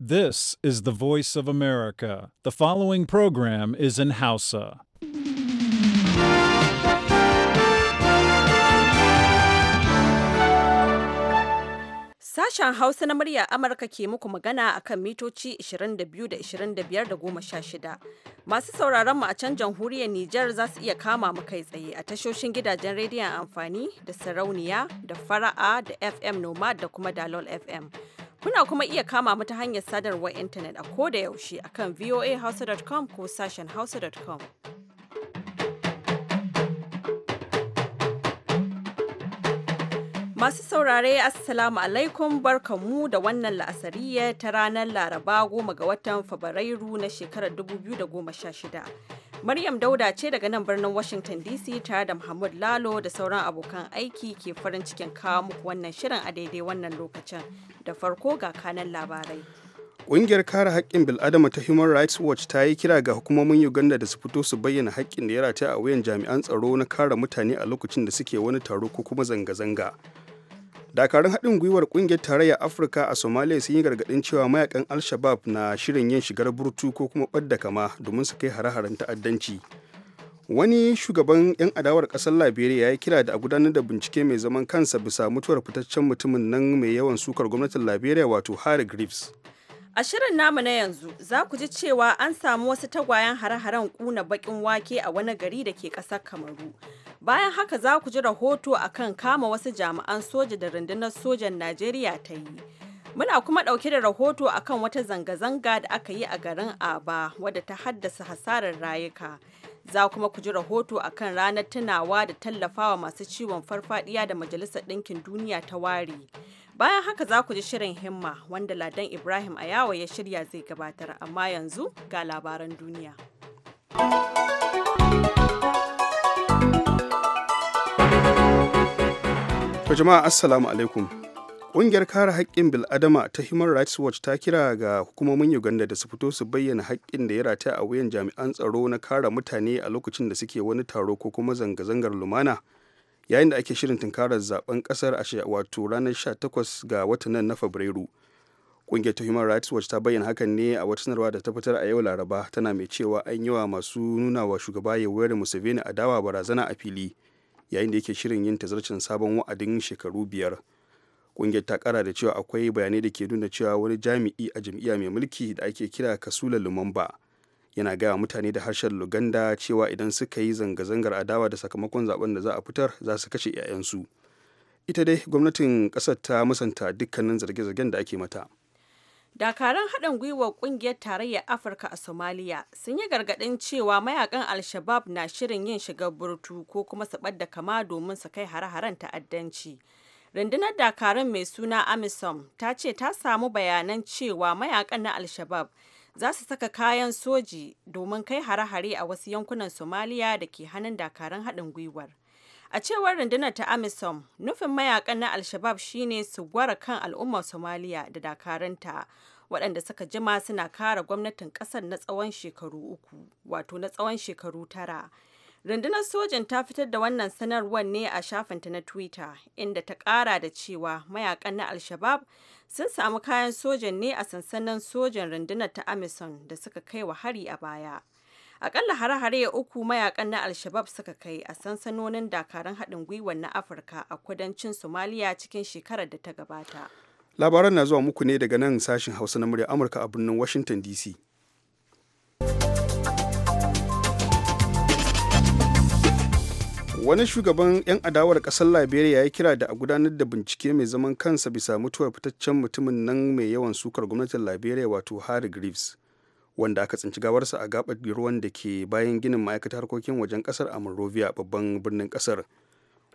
This is the voice of America. The following program is in Hausa. Sashen Hausa na murya Amurka ke muku magana a kan mitoci 22 da 25 da 16. Masu sauraron mu a can jamhuriyar Nijar za su iya kama mu kai tsaye a tashoshin gidajen rediyon amfani da sarauniya da fara'a da FM Nomad da kuma Dalol FM. Kuna kuma iya kama mu ta hanyar sadarwar intanet a koda yaushe akan voahausa.com ko sashen hausa.com. Masu saurare Assalamu alaikum barkanmu da wannan la'asariya ta ranar Laraba goma ga watan Fabrairu na shekarar 2016. Maryam Dauda ce daga nan birnin Washington DC tare da Muhammad Lalo da sauran abokan aiki ke farin cikin kawo muku wannan shirin a daidai wannan lokacin. Da farko ga kanan labarai. Ƙungiyar kare haƙƙin bil'adama ta Human Rights Watch ta yi kira ga hukumomin Uganda da su fito su bayyana haƙƙin da ya rataya a wuyan jami'an tsaro na kare mutane a lokacin da suke wani taro ko kuma zanga-zanga. dakarun haɗin gwiwar ƙungiyar tarayya afirka a somalia sun yi gargaɗin cewa mayakan al-shabab na shirin yin shigar burtu ko kuma ɓadda kama domin su kai hare-haren ta'addanci wani shugaban 'yan adawar ƙasar liberia ya yi kira da a gudanar da bincike mai zaman kansa bisa mutuwar fitaccen mutumin nan mai yawan sukar gwamnatin liberia wato harry griffiths A shirin namu na yanzu za ku ji cewa an samu wasu tagwayen hare-haren kuna bakin wake a wani gari da ke ƙasar Kamaru. Bayan haka za ku ji rahoto a kan kama wasu jami'an soja da rundunar sojan Najeriya ta yi. Muna kuma ɗauke da rahoto a kan wata zanga-zanga da aka yi a garin Aba wadda ta haddasa hasarar rayuka. Za kuma ku ji rahoto a kan ranar tunawa da tallafawa masu ciwon farfadiya da Majalisar Ɗinkin Duniya ta ware. Bayan haka za ku ji shirin himma wanda Ladan Ibrahim Ayawa ya shirya zai gabatar amma yanzu ga labaran duniya. To jama'a assalamu alaikum. Ƙungiyar kare haƙƙin bil'adama ta Human Rights Watch ta kira ga hukumomin Uganda da su fito su bayyana haƙƙin da ya rataya a wuyan jami'an tsaro na kare mutane a lokacin da suke wani taro ko kuma zanga-zangar lumana. yayin da ake shirin tunkarar zaben kasar a wato ranar 18 ga watan nan na fabrairu kungiyar ta human rights watch ta bayyana hakan ne a wata sanarwa da ta fitar a yau laraba tana mai cewa an yi wa masu nuna wa shugaba beni a dawa barazana a fili yayin da yake shirin yin tazarcin sabon wa'adin shekaru biyar kungiyar ta kara da cewa akwai bayanai da ke nuna cewa wani jami'i a jam'iyya mai mulki da ake kira kasula lumumba yana gaya mutane da harshen luganda cewa idan suka yi zanga-zangar adawa da sakamakon zaben da za a fitar za su kashe 'ya'yansu ita dai gwamnatin ƙasar ta musanta dukkanin zarge-zargen da ake mata dakaran haɗin gwiwar ƙungiyar tarayyar afirka a somaliya sun yi gargaɗin cewa mayakan al-shabab na shirin yin shiga burtu ko kuma su da kama domin su kai hare-haren ta'addanci rundunar dakarun mai suna amisom ta ce ta samu bayanan cewa mayakan na al-shabab za su saka kayan soji domin kai hare-hare a wasu yankunan somaliya da ke hannun dakarun haɗin gwiwar a cewar rundunar ta amisom nufin mayakan na alshabab shine su gwara kan al'ummar somaliya da dakarunta waɗanda suka jima suna kare gwamnatin ƙasar na tsawon shekaru uku wato na tsawon shekaru tara Rundunar sojan ta fitar da wannan sanarwar ne a shafinta na Twitter, inda ta ƙara da cewa mayakan na Al-Shabab sun samu kayan sojan ne a sansanin sojan rundunar ta amazon da suka kai wa hari a baya. Akalla hare-hare uku mayakan na Al-Shabab suka kai a sansanonin dakarun haɗin gwiwar na Afirka a kudancin Somalia cikin shekarar da ta gabata. Labaran na zuwa muku ne daga nan sashin Hausa na murya Amurka a birnin Washington DC. wani shugaban 'yan adawar kasar liberia ya kira da a gudanar da bincike mai zaman kansa bisa mutuwar fitaccen mutumin nan mai yawan sukar gwamnatin liberia wato harry greaves wanda aka tsinci gawarsa a gabar ruwan da ke bayan ginin ma'aikatar harkokin wajen kasar a monrovia babban birnin kasar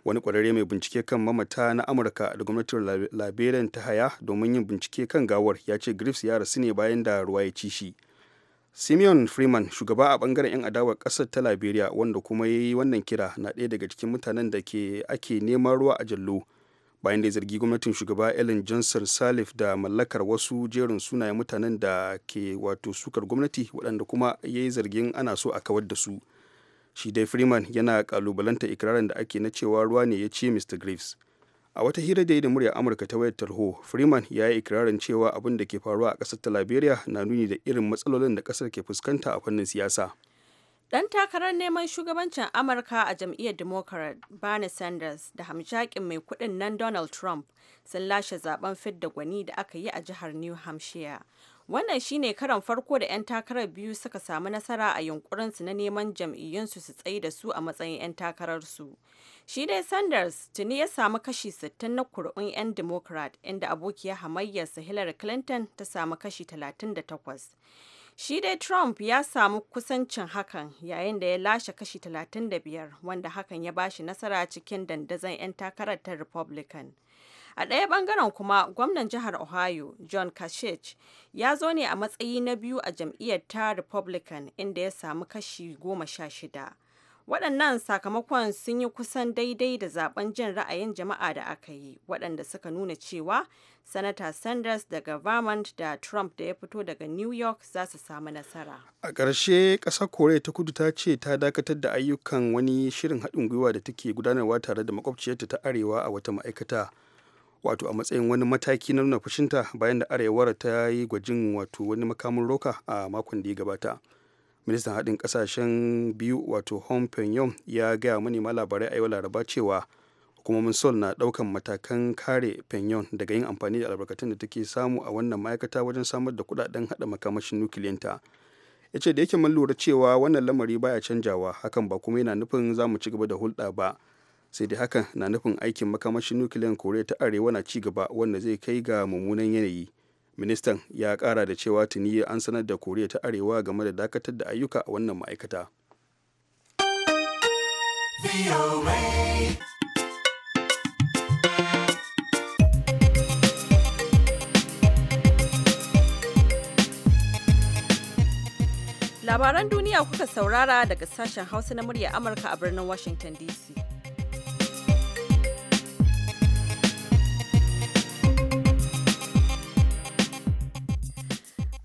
wani kwararre mai bincike kan mamata na amurka da gwamnatin liberia ta haya domin yin bincike kan gawar ya ce greaves ya rasu ne bayan da ruwa ya ci shi simeon freeman shugaba a bangaren 'yan adawar kasar ta liberia wanda kuma ya yi wannan kira na ɗaya daga cikin mutanen da ke ake neman ruwa a jallo bayan da ya zargi gwamnatin shugaba ellen johnson salif da mallakar wasu jerin sunayen mutanen da ke wato sukar gwamnati waɗanda kuma ya yi zargin ana so a kawar da su shi dai freeman yana kalubalanta ikirarin da ake na cewa ruwa ne ya ce mr graves a wata hira da yi da murya amurka ta wayar tarho freeman ya yi ikirarin cewa abin da ke faruwa a kasar ta liberia na nuni da irin matsalolin da kasar ke fuskanta a fannin siyasa Dan takarar neman shugabancin Amurka a jam'iyyar Democrat Bernie Sanders da hamshakin mai kudin nan Donald Trump sun lashe zaben fidda gwani da aka yi a jihar New Hampshire. Wannan shine karan farko da 'yan takarar biyu suka samu nasara a yunkurinsu na neman jam'iyyunsu su tsayi da su a matsayin 'yan takararsu. Shi dai Sanders tuni ya samu kashi 60 na kuri'un 'yan Democrat inda abokiyar hamayyarsa Hillary Clinton ta samu kashi 38. Shi dai Trump ya samu kusancin hakan yayin da ya lashe kashi 35 wanda hakan ya bashi nasara cikin dandazon 'yan takarar ta Republican. A ɗaya bangaren kuma gwamnan jihar Ohio John Kasich ya zo ne a matsayi na biyu a jam'iyyar ta Republican inda ya samu kashi goma sha shida. Waɗannan sakamakon sun yi kusan daidai da zaben jin ra'ayin jama'a da aka yi, waɗanda suka nuna cewa Sanata Sanders daga Vermont da Trump da ya fito daga New York za su samu nasara. A ƙarshe, ƙasar Koriya ta kudu ta ce ta dakatar da ayyukan wani shirin haɗin gwiwa da take gudanarwa tare da makwabciyarta ta Arewa a wata ma'aikata. wato a matsayin wani mataki na nuna fushinta bayan da arewar ta yi gwajin wato wani makamin roka a makon da ya gabata ministan haɗin ƙasashen biyu wato hong pyongyang ya gaya manema labarai a yau laraba cewa hukumomin sol na ɗaukan matakan kare pyongyang daga yin amfani da albarkatun da take samu a wannan ma'aikata wajen samar da kuɗaɗen haɗa makamashin nukiliyanta ya ce da yake mun lura cewa wannan lamari baya canjawa hakan ba kuma yana nufin za mu ci gaba da hulɗa ba sai da hakan na nufin aikin makamashin nukiliyan koriya ta arewa na cigaba wanda zai kai ga mummunan yanayi ministan ya kara da cewa tuni an sanar da koriya ta arewa game da dakatar da ayyuka a wannan ma'aikata labaran duniya kuka saurara daga sashen hausa na murya amurka a birnin washington dc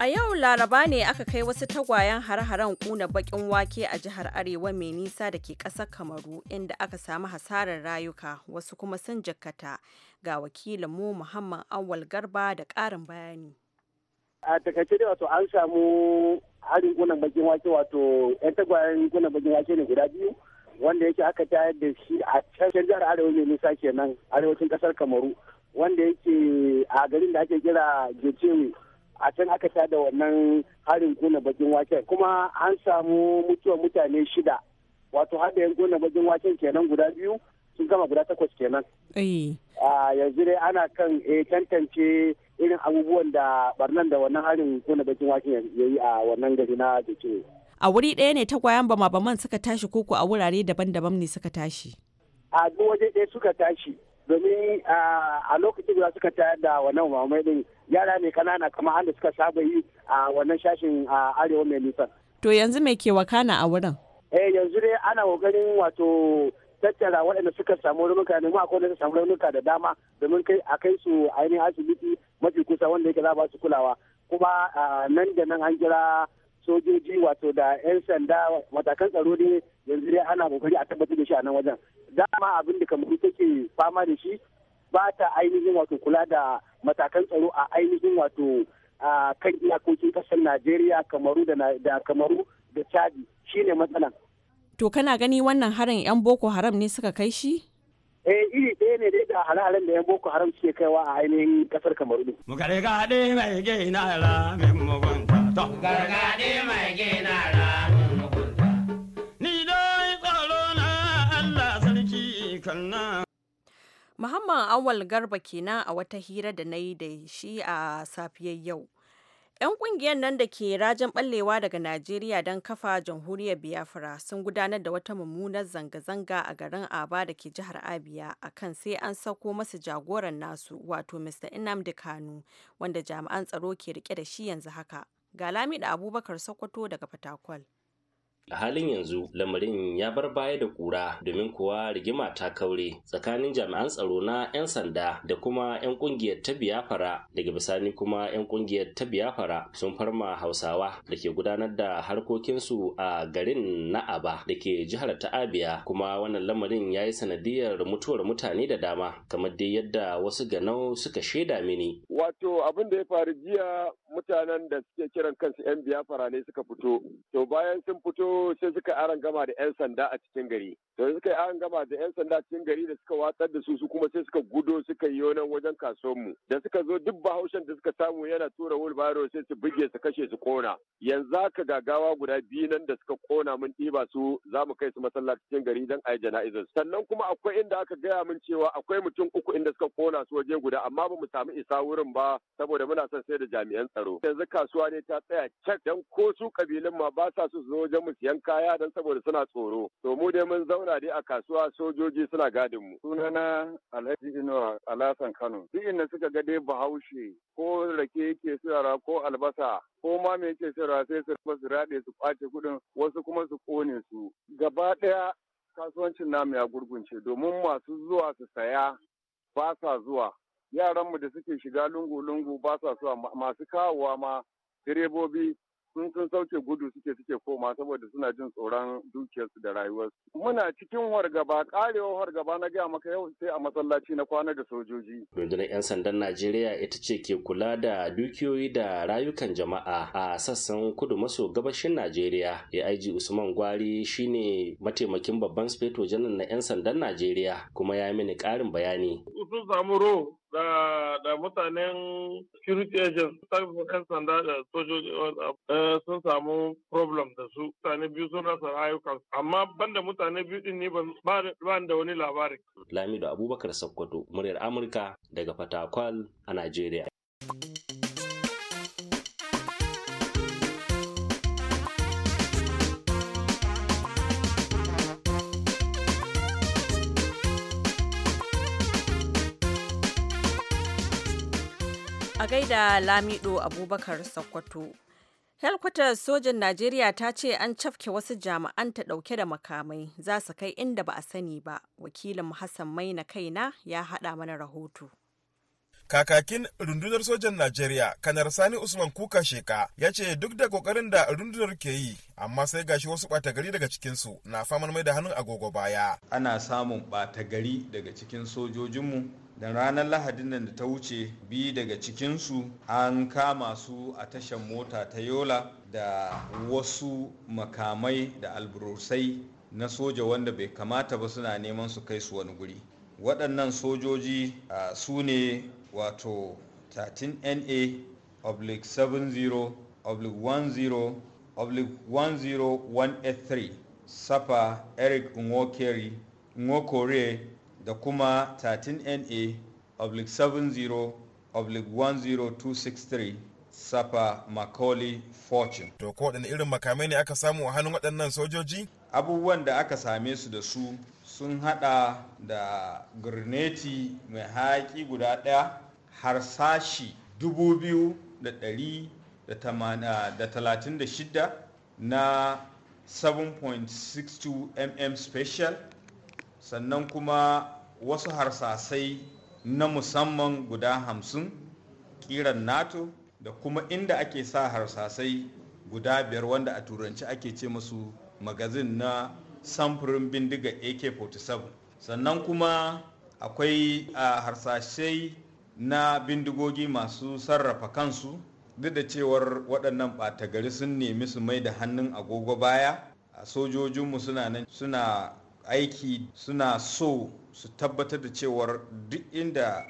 A yau Laraba ne aka kai wasu tagwayen har haren kuna bakin wake a jihar Arewa mai nisa da ke ƙasar Kamaru inda aka samu hasarar rayuka wasu kuma sun jakkata ga wakilinmu Muhammad Awal Garba da ƙarin bayani. A takaice dai wato an samu harin kuna bakin wake wato 'yan tagwayen kuna bakin wake ne guda biyu wanda yake aka tayar da shi a can jihar Arewa mai nisa kenan arewacin ƙasar Kamaru wanda yake a garin da ake kira Gecewe a can aka tada wannan harin kuna bakin waken kuma an samu mutuwar mutane shida wato hada yan kuna bakin waken kenan guda biyu sun gama guda takwas kenan yanzu dai ana kan eh, tantance irin abubuwan da barnan da wannan harin kuna bakin waken ya yi a wannan gari na jike a wuri ɗaya ne tagwayen bama baman suka tashi koko a wurare daban-daban ne suka tashi a duk waje ɗaya suka tashi domin ah, a lokacin da suka tayar da wannan mamaye din yara ne kanana kamar an da suka saba yi a wannan shashin arewa mai nisan. To yanzu mai ke wakana a wurin? Eh yanzu dai ana kokarin wato tattara waɗanda suka samu raunuka ne ma akwai da samu raunuka da dama domin kai a kai su ainihin asibiti mafi kusa wanda yake za ba su kulawa kuma nan da nan an jira sojoji wato da 'yan sanda matakan tsaro ne yanzu dai ana kokari a tabbatar da shi a nan wajen dama abin da kamar take fama da shi ba ta ainihin wato kula da matakan tsaro a ainihin wato a kan iyakokin kasar najeriya kamaru da kamaru da chadi shine matsalan to kana gani wannan harin yan boko haram ne suka kai shi eh iri ɗaya ne dai da hare da yan boko haram suke kaiwa a ainihin kasar kamaru ne mu gargaɗe mai gina ra mai mugunta to gargaɗe mai gina ra Muhammad Awal Garba kenan a wata hira da na yi da shi a safiyar yau. 'Yan ƙungiyar nan da ke rajin ɓallewa daga Najeriya don kafa jamhuriyar Biafra sun gudanar da wata mummunar zanga-zanga a garin Aba da ke jihar Abia a kan sai an sako masu jagoran nasu wato Mr. Nnamdi Kanu wanda jami'an tsaro ke rike da shi yanzu haka. Ga Lamidu Abubakar Sokoto daga Fatakwal. a halin yanzu lamarin ya bar baya da kura domin kuwa rigima ta kaure tsakanin jami'an tsaro na 'yan sanda da kuma 'yan kungiyar ta biyafara daga bisani kuma 'yan kungiyar ta biyafara sun farma hausawa da ke gudanar da harkokinsu a garin na aba da ke jihar ta abia kuma wannan lamarin ya yi sanadiyar mutuwar mutane da dama kamar dai yadda wasu ganau suka shaida mini wato abin da ya faru jiya mutanen da suke kiran kansu 'yan biyafara ne suka fito to bayan sun fito sai suka aran gama da 'yan sanda a cikin gari to suka yi aran gama da 'yan sanda a cikin gari da suka watsar da su su kuma sai suka gudo suka yi yonan wajen kasuwanmu da suka zo duk bahaushen da suka samu yana tura wulbaro sai su buge su kashe su kona yanzu haka gagawa guda biyu nan da suka kona mun ɗiba su za mu kai su masallaci cikin gari don a yi jana'izar sannan kuma akwai inda aka gaya min cewa akwai mutum uku inda suka kona su waje guda amma ba mu samu isa wurin ba saboda muna son sai da jami'an tsaro yanzu kasuwa ne ta tsaya cak dan ko su kabilun ma ba sa su zo wajen mu siya yan kaya don saboda suna tsoro. To mu dai mun zauna dai a kasuwa sojoji suna gadin mu. Sunana Alhaji Inuwa Alasan Kano. Duk inda suka ga dai Bahaushe ko rake yake sirara ko albasa ko ma me yake sirara sai su su raɗe su kwace kuɗin wasu kuma su kone su. Gaba ɗaya kasuwancin namu ya gurgunce domin masu zuwa su saya ba sa zuwa. Yaranmu da suke shiga lungu-lungu ba sa zuwa masu kawowa ma direbobi sun sun sauke gudu suke suke koma saboda suna jin tsoron dukiyarsu da rayuwarsu. Muna cikin wargaba karewa wargaba na gaya maka yau sai a masallaci na kwana da sojoji. Rundunar 'yan sandan Najeriya ita ce ke kula da dukiyoyi da rayukan jama'a a sassan kudu maso gabashin Najeriya. AIG Usman Gwari shine mataimakin babban speto janar na 'yan sandan Najeriya kuma ya mini karin bayani. da mutanen security agents tarbin kan sanda da sojoji eh, sun samu problem da su mutane biyu sun rasa rayuka amma banda mutane biyu din ne ba da wani labari lamido abubakar sakkwato muryar amurka daga fatakwal a najeriya da Lamido Abubakar Sokoto. Helkwatar sojan Najeriya ta ce an cafke wasu jami'an ta ɗauke da makamai za su kai inda ba a sani ba. Wakilin Hassan Maina kaina ya hada mana rahoto. kakakin rundunar sojan Najeriya kanar Sani Usman Kuka Sheka ya ce duk da kokarin da rundunar ke yi amma sai gashi wasu ɓata daga cikinsu na faman mai da hannun agogo baya. Ana samun ɓata daga cikin sojojinmu da ranar lahadin nan da ta wuce bi daga cikinsu an kama su a tashar mota ta yola da wasu makamai da alburusai na soja wanda bai kamata ba suna neman su kai su wani guri waɗannan sojoji su ne wato 13na oblique 70 oblique 10 oblique 10183 safa eric nwokere da kuma 13NA oblique 70 10263 Sapa Macaulay Fortune. To ko waɗanda irin makamai ne aka samu a hannun waɗannan sojoji? Abubuwan da aka same su da su sun hada da gurneti mai haƙi guda ɗaya harsashi 2,136 ah, na 7.62 mm special sannan kuma wasu harsasai na musamman guda hamsin kiran nato da kuma inda ake sa harsasai guda biyar wanda a turanci ake ce musu magazin na samfurin bindiga ak-47 sannan kuma akwai a harsashai na bindigogi masu sarrafa kansu duk da cewar waɗannan ɓatagari sun nemi su mai da hannun agogo baya A sojojinmu suna nan suna aiki suna so su tabbatar da cewar duk inda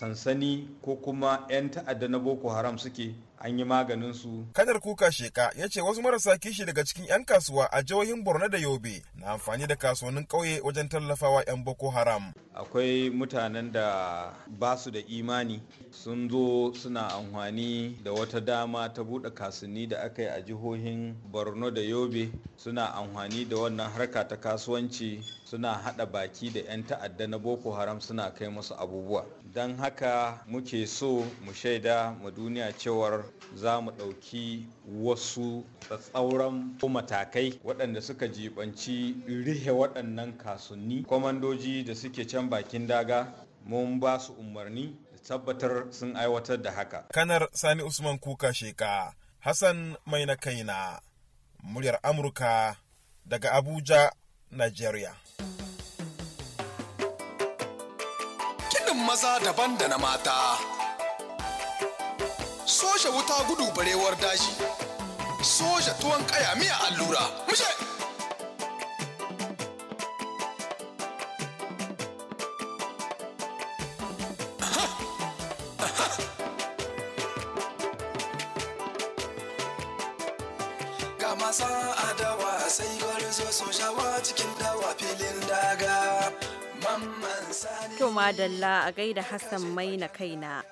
sansani ko kuma 'yan ta'adda na boko haram suke an yi maganin su. Kadar kuka sheka ya ce wasu marasa kishi daga cikin 'yan kasuwa a jihohin Borno da Yobe na amfani da kasuwannin ƙauye wajen tallafawa 'yan Boko Haram. Akwai mutanen da ba su da imani sun zo suna amfani da wata dama ta buɗe kasuni da aka yi a jihohin Borno da Yobe suna amfani da wannan harka ta kasuwanci suna haɗa baki da 'yan ta'adda na Boko Haram suna kai musu abubuwa. don haka muke so mu shaida ma duniya cewar za mu ɗauki wasu tsatsauran matakai waɗanda suka jibanci rihe waɗannan kasunni kwamandoji da suke can bakin daga mun ba su umarni da tabbatar sun aiwatar da haka kanar sani usman kuka sheka hassan mai na kaina muryar amurka daga abuja nigeria maza daban da na mata soja wuta gudu barewar daji soja tuwon kaya miya allura mushe To madalla a gaida Hassan mai na kaina.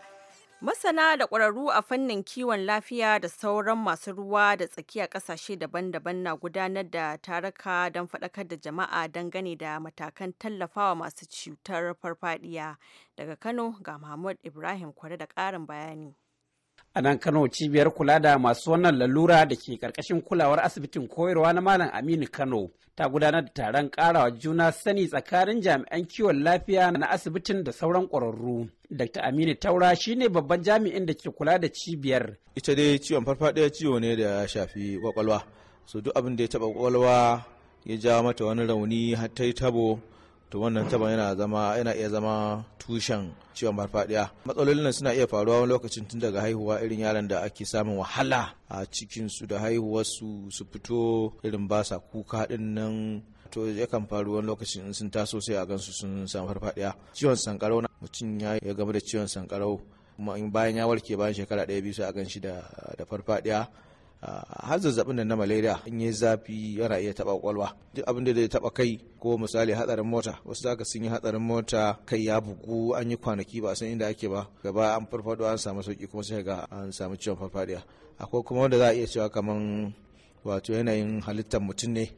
Masana da ƙwararru a fannin kiwon lafiya da sauran masu ruwa da tsakiya ƙasashe daban-daban na gudanar da taruka don faɗakar da jama'a dangane da matakan tallafawa masu cutar farfadiya. Daga Kano ga Mahmud Ibrahim kware da ƙarin bayani. A nan Kano cibiyar kula da masu wannan lalura da ke karkashin kulawar asibitin koyarwa na Malam Aminu Kano ta gudanar da taron karawa juna sani tsakanin jami'an kiwon lafiya na asibitin da sauran kwararru Dr. Aminu Taura shine babban jami'in da ke kula da cibiyar. Ita dai ciwon farfaɗiya ciwo ne da ya shafi kwakwalwa. su duk abin da ya taɓa kwakwalwa ya ja mata wani rauni har ta yi tabo to wannan taban yana zama yana iya zama tushen ciwon farfadiya matsalolin suna iya faruwa wani lokacin tun daga haihuwa irin yaran da ake samun wahala a cikin su da haihuwar su su fito irin ba sa kuka din nan to yakan faru wani lokacin in sun taso sai a gansu sun samu farfadiya ciwon sankarau na mutum ya gama da ciwon sankarau kuma bayan ya warke bayan shekara ɗaya biyu sai a gan shi da farfadiya har zazzabin nan na malaria in yi zafi yana iya taba kwalwa duk abin da zai taba kai ko misali hatsarin mota wasu zaka sun yi hatsarin mota kai ya bugu an yi kwanaki ba san inda ake ba gaba an farfado an samu sauki kuma sai ga an samu ciwon farfadiya akwai kuma wanda za a iya cewa kaman wato yanayin halittar mutum ne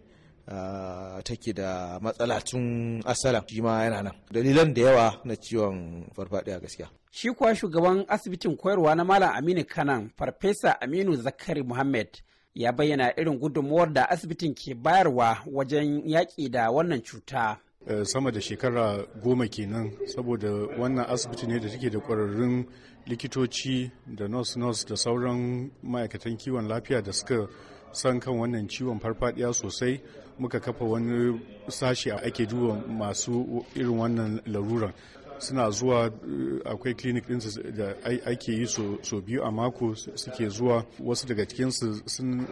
Ah, take da matsala tun asalan shi ma yana nan dalilan da yawa na ciwon farfadiya gaskiya shi kuwa shugaban asibitin koyarwa na malam aminu kanan farfesa aminu zakari muhammad ya bayyana irin gudunmuwar da asibitin ke bayarwa wajen yaƙi da wannan cuta eh, sama da shekara goma kenan saboda wannan asibiti ne da take da ƙwararrun likitoci da nurse nurse da sauran ma'aikatan kiwon lafiya da suka san kan wannan ciwon farfadiya sosai muka kafa wani sashi ake duba masu irin wannan laruran suna zuwa eh, akwai clinic din da ake yi so biyu a mako suke zuwa wasu daga cikinsu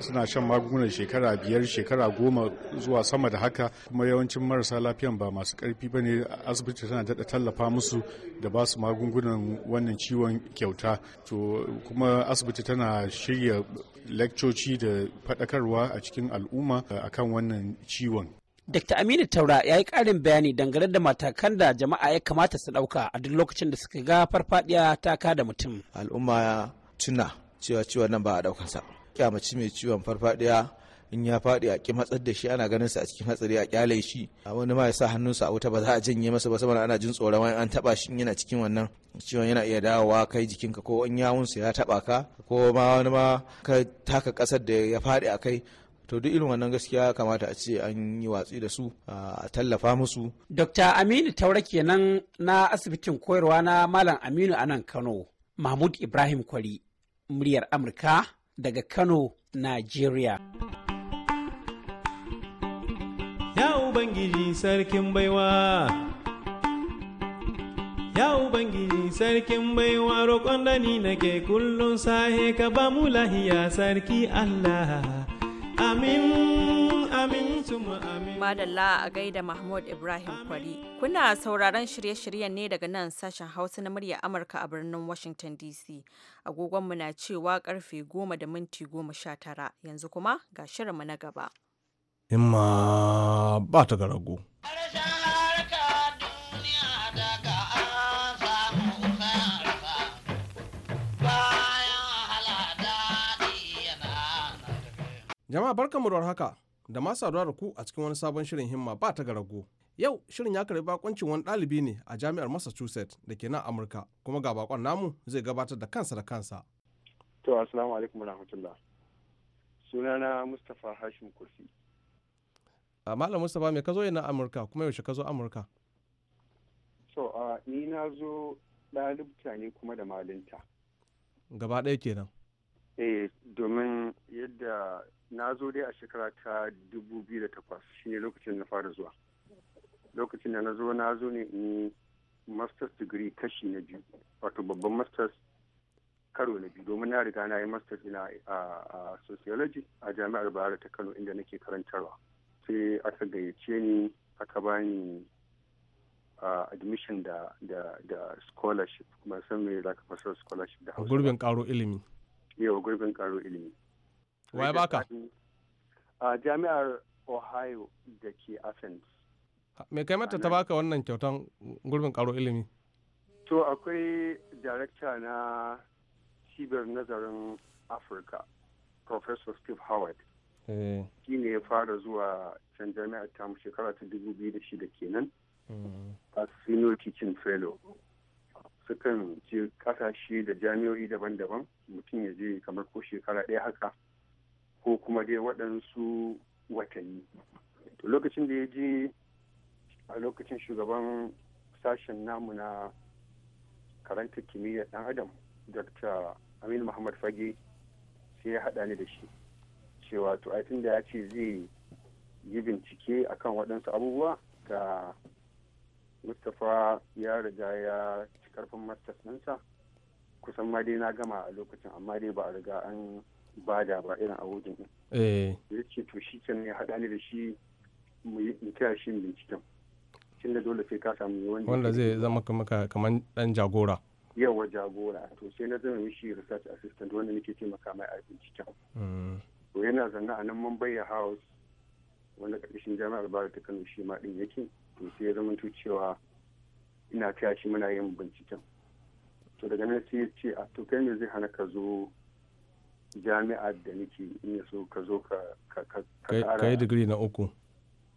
suna shan magungunan shekara biyar shekara goma zuwa sama da haka kuma yawancin marasa lafiyan ba masu karfi ba ne asibiti tana daɗa tallafa musu da ba su magungunan wannan ciwon kyauta to kuma asibiti tana shirya lakcoci da faɗakarwa a cikin al'umma eh, A kan wannan ciwon. Dr. Aminu Taura ya yi ƙarin bayani dangane da matakan da jama'a ya kamata su ɗauka a duk lokacin da suka ga farfadiya ta da mutum. Al'umma ya tuna cewa ciwon nan ba a ɗaukansa. Kyamaci mai ciwon farfadiya in ya faɗi a ƙi matsar da shi ana ganin sa a cikin hatsari a kyale shi a wani ma ya sa hannunsa a wuta ba za a janye masa ba saboda ana jin tsoron wani an taba shi yana cikin wannan ciwon yana iya dawowa kai jikinka ko in yawunsa ya taba ka ko ma wani ma ka taka ƙasar da ya faɗi a kai to duk irin wannan gaskiya kamata a ce an yi watsi da su a tallafa musu. Dr. Aminu Taura kenan na asibitin koyarwa na Malam Aminu anan Kano, Mahmud Ibrahim Kwari, muryar Amurka daga Kano, Nigeria. Ubangiji sarkin baiwa. Ya Ubangiji sarkin baiwa roƙon da ni nake kullum sahe ka ba mu lahiya sarki Allah. Amin, amin, tuma amin. Madalla a gaida Mahmud Ibrahim Kwari. Kuna sauraron shirye-shiryen ne daga nan sashen Hausa na murya Amurka a birnin Washington DC. Agogonmu na cewa karfe goma da minti goma sha tara. Yanzu kuma ga shirinmu na gaba. himma ba ta ga rago. Jama'a barkanmu da haka da ma saduwa da ku a cikin wani sabon shirin himma ba ta ga rago. Yau shirin ya karbi bakoncin wani ɗalibi ne a jami'ar Massachusetts da ke nan Amurka kuma ga bakon namu zai gabatar da kansa da kansa. To, Assalamu alaikum wa rahmatullah. Sunana Mustapha Hashim Kurfi. malam mustapha me ka zo yana amurka kuma yaushe ka zo amurka so uh, ni na zo ɗalibta ne kuma da malinta gaba ɗaya kenan eh domin yadda na zo dai a shekara ta 2008 shine lokacin na fara zuwa lokacin da na zo na zo ne in masters degree kashi na biyu wato babban masters karo na biyu domin na riga na yi masters ina a sociology a jami'ar bayar ta kano inda nake karantarwa sai aka gayyace ni aka bani uh, admission da, da, da scholarship kuma san me za ka fasar scholarship da hausa gurbin karo ilimi yawa gurbin karo ilimi waye baka a jami'ar ohio da ke athens me kai mata ta baka wannan kyautan gurbin karo ilimi to akwai director na cibiyar nazarin africa professor steve howard Eh. shi ne ya fara zuwa can jami'ar ta mu shekara ta dubu biyu da shida kenan mm. a senior teaching fellow sukan je kasashe da jami'o'i daban-daban mutum ya je kamar ko shekara ɗaya haka ko kuma dai waɗansu watanni to lokacin da ya je a lokacin shugaban sashen namu na karanta kimiyyar dan adam dr amin muhammad fage sai ya haɗa ni da shi cewa to ai da ya ce zai yi bincike akan waɗansu abubuwa ga mustapha ya riga ya ci karfin masters ɗinsa kusan ma dai na gama a lokacin amma dai ba a riga an bada ba irin a wajen ɗin eh. ya ce to shi can ya haɗa ni da shi mu kira shi binciken da dole sai ka samu wanda zai zama kamar ɗan jagora yawa jagora to sai na zama mishi research assistant wanda nake taimaka mai a binciken mm. to yana zanna a nan mumbai house wanda ƙarƙashin jami'ar bayar ta kano shi ma din yake to sai ya to cewa ina taya shi muna yin binciken to daga nan sai ya ce a to kai ne zai hana ka zo jami'ar da nake in ya so ka zo ka ka ka yi digiri na uku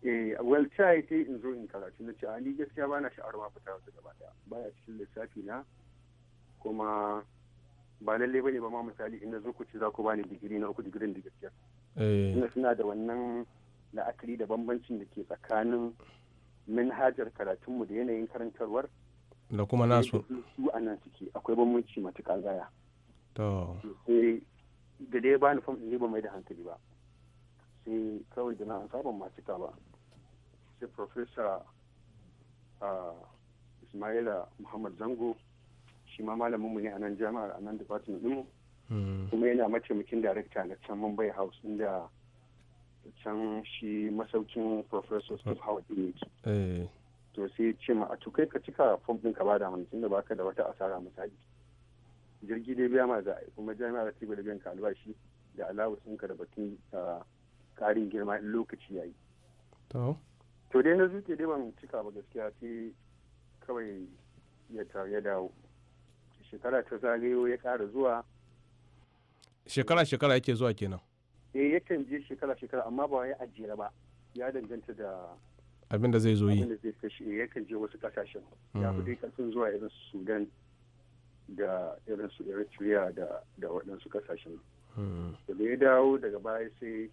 eh well ta yi in zo in karatu na ce a ni gaskiya ba na sha'awar ma fita wata gaba daya baya cikin lissafi na kuma ba lalle bane ba ma misali inda zo ku ci za ku bani digiri na uku digirin da gaskiya eh. ina suna da wannan la'akari da bambancin da ke tsakanin manhajar karatunmu da yanayin karantarwar da kuma nasu su a nan suke akwai bambanci matuƙa gaya sai da dai bani fam ne ba mai da hankali ba sai kawai da na an saban ma cika ba sai professor ah, ismaila muhammad zango shi ma malamin mu ne a nan jami'ar a nan department mu. Hmm. kuma yana mataimakin darakta na can Mumbai House inda can shi masaukin Professor Steve hmm. Howard ne eh. to sai ce ma a to kai ka cika form din ka ba da mana tunda baka da wata asara misali jirgi dai biya ma za a kuma jami'ar ta da biyan ka albashi da alawus ka da batun karin ah, girma in lokaci yayi. to To dai na zuke dai ban cika ba gaskiya sai kawai ya dawo. shekara ta zagayo ya ƙara zuwa shekara-shekara yake zuwa kenan eh yakan je shekara-shekara amma ba ya ajiyar ba ya danganta da abin da zai zo yi abin da zai eh, yakan je wasu kasashen ya fi hmm. dai kasan zuwa irin su sudan da irin su eritrea da da waɗansu kasashen hmm. da ya dawo daga baya sai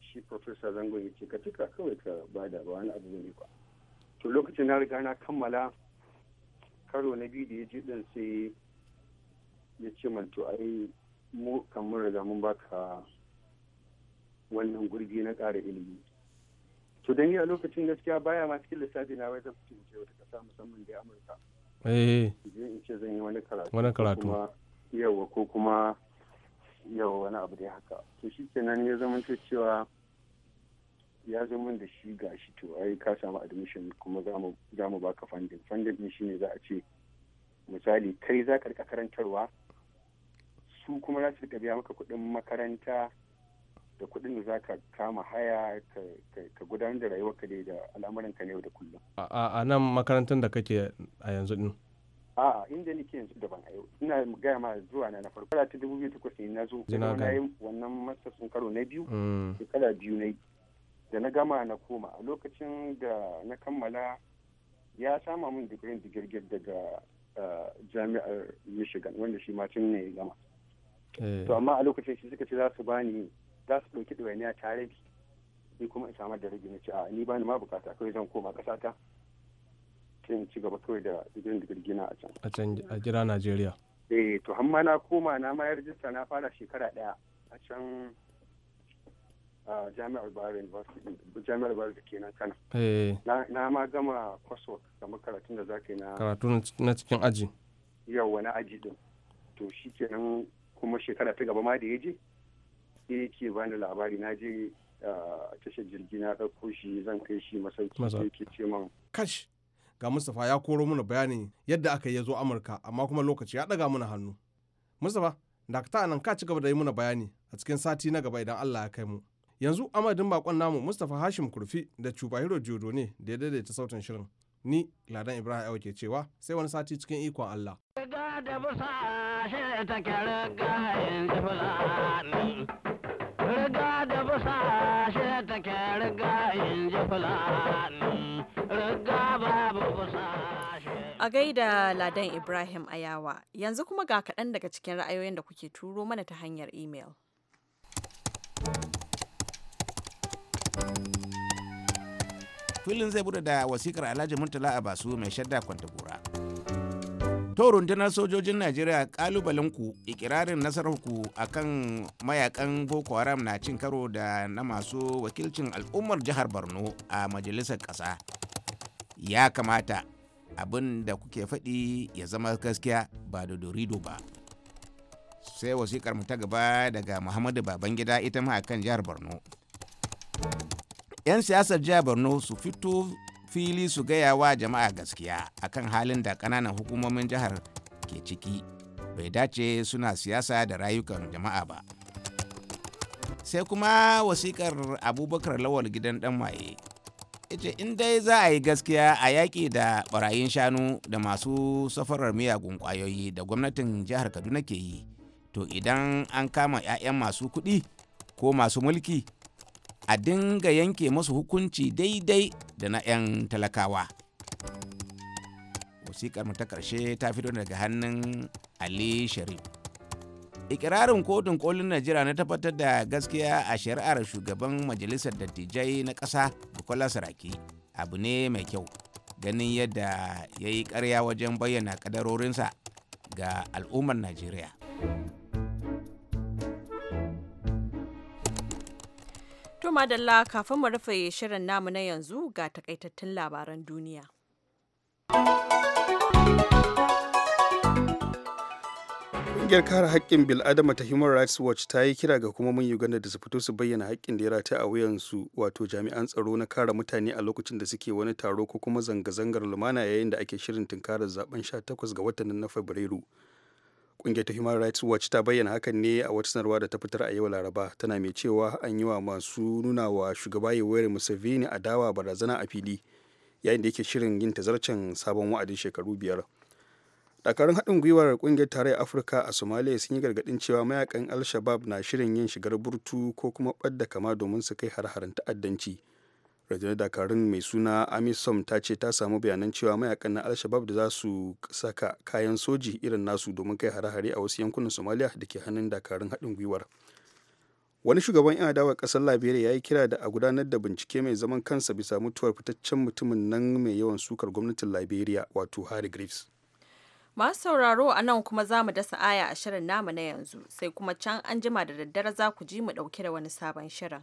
shi professor zangon ya ce ka tuka kawai ka bada ba wani abu ne ba to lokacin na riga na kammala karo na biyu da ya ji ɗin sai ya ce man to ai mu kan mun riga mun baka wannan gurbi na ƙara ilimi to don yi a lokacin gaskiya baya ma cikin lissafi na wai zafi fitin ce wata ƙasa musamman da amurka eh in ce zan yi wani wani karatu yawa ko kuma yawa wani abu da ya haka to shi kenan ya zama cewa ya zama min da shi ga shi to ai ka samu admission kuma za mu baka funding funding din shine za a ce misali kai za ka rika karantarwa su kuma za su rika biya maka kuɗin makaranta da kuɗin da za ka kama haya ka gudanar da ka da al'amuran ka yau da kullum a nan makarantar da kake a yanzu din a'a inda nake yanzu daban a yau ina gaya ma zuwa na na farko ta dubu biyu takwas ne na zo na yi wannan masters karo na biyu mm. shekara biyu na yi da na gama na koma a lokacin da na kammala ya sama min digirin digirgir daga eh, jami'ar michigan wanda shi macin ne gama eh. to amma a lokacin shi suka ce za su bani za su ɗauki ɗawainiya tare ni kuma in samar da rage na ce a ni bani ma bukata kawai zan koma ƙasata sai in ci gaba kawai da digirin na a can a can a jira najeriya eh to amma na koma na ma rijista na fara shekara ɗaya a can a jami'ar bayar university jami'ar bayar da kenan kana eh. na ma gama coursework kamar karatun da za ka yi na karatu na cikin aji yawa na aji din to shi kenan kuma shekara ta gaba ma da ya je sai yake bani labari na je tashar jirgi na ɗauko shi zan kai shi masauki yake ce man kash ga Mustapha ya koro mana bayanin yadda aka yi ya zo Amurka amma kuma lokaci ya ɗaga mana hannu. Mustapha, dakta nan ka ci gaba da yi mana bayani a cikin sati na gaba idan Allah ya kai mu. yanzu amadin bakon namu mustapha hashim kurfi da cubahiro jodo ne da ya daidaita sautin shirin ni ladan ibrahim awa ke cewa sai wani sati cikin ikon allah A gaida Ladan Ibrahim Ayawa, yanzu kuma ga kaɗan daga cikin ra'ayoyin da kuke turo mana ta hanyar imel. filin zai bude da wasikar alhaji murtala a basu mai shadda kwanta gora to rundunar sojojin najeriya kalubalen ku ikirarin nasarar ku akan mayakan boko haram na cin karo da na masu wakilcin al'ummar jihar borno a majalisar ƙasa ya kamata abin da kuke faɗi ya zama gaskiya ba da dorido ba sai wasikar mu ta gaba daga muhammadu babangida ita ma akan jihar borno 'yan siyasar jihar borno su fito fili su gaya wa jama'a gaskiya akan halin da kananan hukumomin jihar ke ciki bai dace suna siyasa da rayukan jama'a ba sai kuma wasikar abubakar lawal gidan dan maye ita in dai za a yi gaskiya a yaƙi da barayin shanu da masu safarar miyagun ƙwayoyi da gwamnatin jihar kaduna ke yi to idan an kama 'ya'yan masu kuɗi ko masu mulki a dinga yanke masu hukunci daidai da na 'yan talakawa wasiƙar mu ta ƙarshe ta fito daga hannun ali sharif ikirarin kotun kolin najeriya na tabbatar da gaskiya a shari'ar shugaban majalisar dattijai na ƙasa bukola saraki abu ne mai kyau ganin yadda ya yi ƙarya wajen bayyana ƙadarorinsa ga al'ummar najeriya To madalla kafin mu rufe shirin namu na yanzu ga takaitattun labaran duniya. Ƙungiyar kare haƙƙin bil'adama ta Human Rights Watch ta yi kira ga hukumomin Uganda da su fito su bayyana haƙƙin da ya rata a wuyansu wato jami'an tsaro na kare mutane a lokacin da suke wani taro ko kuma zanga-zangar lumana yayin da ake shirin tunkarar zaben 18 ga watan na Fabrairu. Ƙungiyar ta Human Rights Watch ta bayyana hakan ne a wata sanarwa da ta fitar a yau Laraba tana mai cewa an yi wa masu nuna wa shugaba Yoweri Museveni dawa barazana a fili yayin da yake shirin yin tazarcen sabon wa'adin shekaru biyar. dakarun haɗin gwiwar ƙungiyar tarayyar afirka a somalia sun yi gargaɗin cewa mayakan al-shabab na shirin yin shigar burtu ko kuma ɓadda kama domin su kai har-haren ta'addanci rundunar dakarun mai suna amisom ta ce ta samu bayanan cewa mayakan na alshabab da za su saka kayan soji irin nasu domin kai hare-hare a wasu yankunan somaliya da ke hannun dakarun haɗin gwiwar wani shugaban yan adawar ƙasar liberia ya yi kira da a gudanar da bincike mai zaman kansa bisa mutuwar fitaccen mutumin nan mai yawan sukar gwamnatin liberia wato harry griffiths Masu sauraro a nan kuma za mu dasa aya a shirin namu na yanzu, sai kuma can an jima da daddare za ku ji mu ɗauke da wani sabon shirin.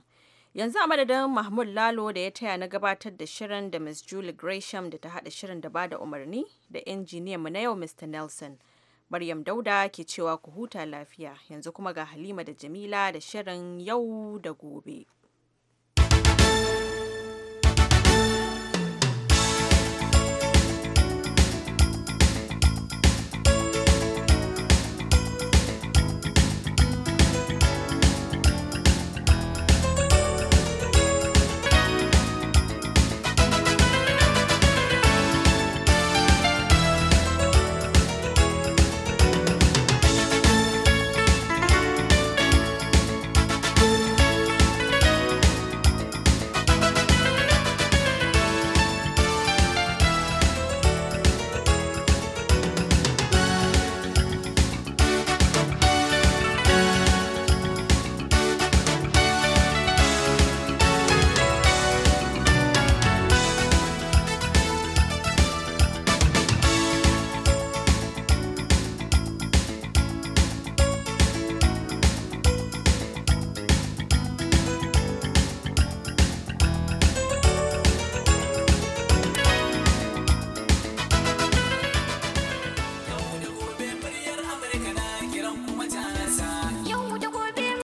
Yanzu a madadin Mahmud Lalo da ya taya na gabatar da shirin da Miss Julie Gresham da ta hada shirin da bada umarni da injiniyan mu na yau Mr. Nelson. Maryam Dauda ke cewa ku huta lafiya. Yanzu kuma ga Halima da Jamila da shirin yau da gobe.